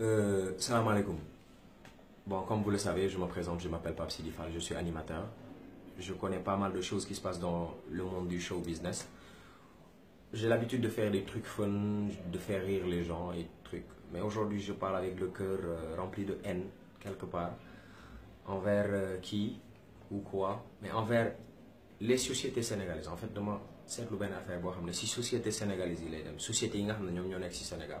Euh, salam alaikum. Bon, comme vous le savez, je me présente, je m'appelle Papsi Difal, je suis animateur. Je connais pas mal de choses qui se passent dans le monde du show business. J'ai l'habitude de faire des trucs fun, de faire rire les gens et trucs. Mais aujourd'hui, je parle avec le cœur euh, rempli de haine, quelque part, envers euh, qui ou quoi, mais envers les sociétés sénégalaises. En fait, demain, c'est le bien affaire. Si société sénégalaise, il est société qui est Sénégal.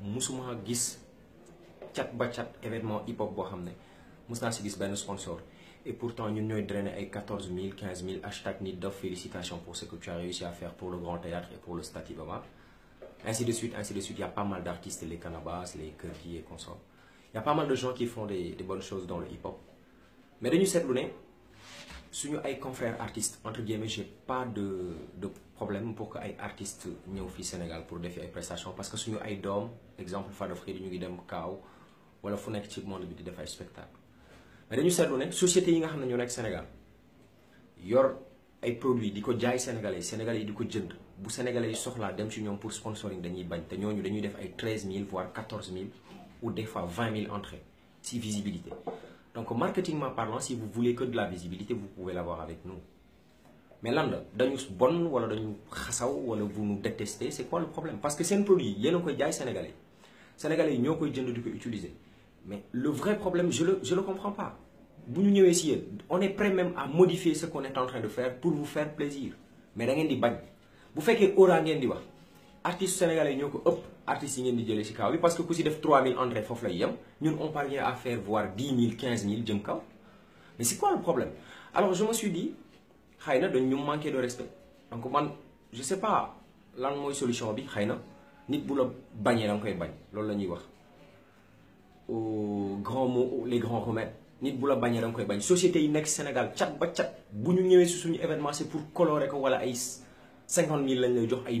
musuma gis chat ba chat événement hip hop bo xamné musna mus gis ben sponsor et pourtant ñun ñoy drainer ay 14 000 15 000 hashtag nit dof félicitations pour ce que tu as réussi à faire pour le grand théâtre et pour le Stade ainsi de suite ainsi de suite il y a pas mal d'artistes les Canabas les Curly et consorts il y a pas mal de gens qui font des bonnes choses dans le hip hop mais nous cette lune si nous avons confrères artistes, entre guillemets, je n'ai pas de, de problème pour que les artistes viennent au Sénégal pour défier les prestations. Parce que si nous avons des hommes, exemple, Fado Fred, nous avons des cas, ou alors nous avons des gens qui spectacle. Mais nous savons que les sociétés qui sont au Sénégal, ils produits produit, ils ont des Sénégalais, les Sénégalais ils ont Si les Sénégalais sont là, ils pour sponsoring, ils ont des gens. nous, nous des 13 000, voire 14 000, ou des fois 20 000 entrées, la visibilité donc marketingment parlant si vous voulez que de la visibilité vous pouvez l'avoir avec nous mais là, bon wala vous nous détestez c'est quoi le problème parce que c'est un produit y a koy qui sénégalais sénégalais il Sénégalais, ils jënd di ko utiliser mais le vrai problème je le je le comprends pas on est prêt même à modifier ce qu'on est en train de faire pour vous faire plaisir mais Vous ngeen di vous bu que aura artistes sénégalais ñoko ëpp artistes yi ngeen di jëlee ci kaw bi parce que ku ci def 3000 entrées fof lay yem ñun on parvient à faire voir 10 000 15 000 jëm kaw mais c'est quoi le problème alors je me suis dit xayna na ñu manquer de respect donc man je sais pas lan moy solution bi xayna nit bu la bañee dang koy bañ loolu la ñuy wax grand mot les grands remèdes nit bu la bañee dang koy bañ société yi nek Sénégal chat ba chat bu ñu ñëwé ci suñu événement c'est pour colorer ko wala ay 50 000 lañ lay jox ay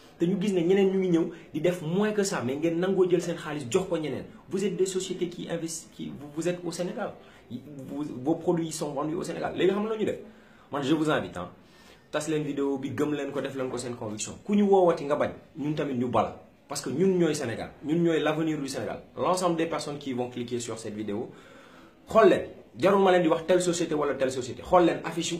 nous ñu gis ne ñeneen di def moins que ça mais ngeen nango jël sen xaliss jox ko ñeneen vous êtes des sociétés qui investissent qui vous êtes au Sénégal vos produits sont vendus au Sénégal légui xam def man je vous invite hein tas leen vidéo bi gëm leen ko def leen ko sen conviction ku ñu woowati nga bañ ñun tamit ñu bala parce que ñun au Sénégal ñun ñoy l'avenir du Sénégal l'ensemble des personnes qui vont cliquer sur cette vidéo xol leen jarul ma leen di wax telle société wala telle société xol leen affiche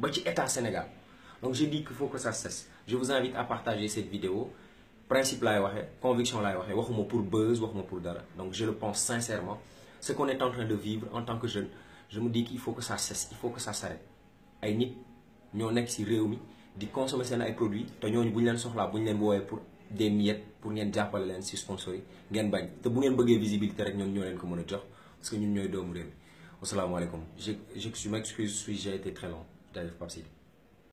ba ci état Sénégal donc je dis qu'il faut que ça cesse je vous invite à partager cette vidéo principe là, conviction là, waxee waxuma pour buzz waxuma pour dara donc je le pense sincèrement ce qu'on est en train de vivre en tant que jeune je me dis qu'il faut que ça cesse il faut que ça s'arrête ay nit qui sont ici réunis, mi di consommer produits ils ñooñu bu ñu leen soxlaa pour des miettes pour ngeen jàppale leen ci sponsor yi ngeen bañ te bu visibilité rek ñoom ñoo ko mën parce que ñun ñooy doomu Assalamu alaikum. je je m'excuse j'ai été très long dari Popsi.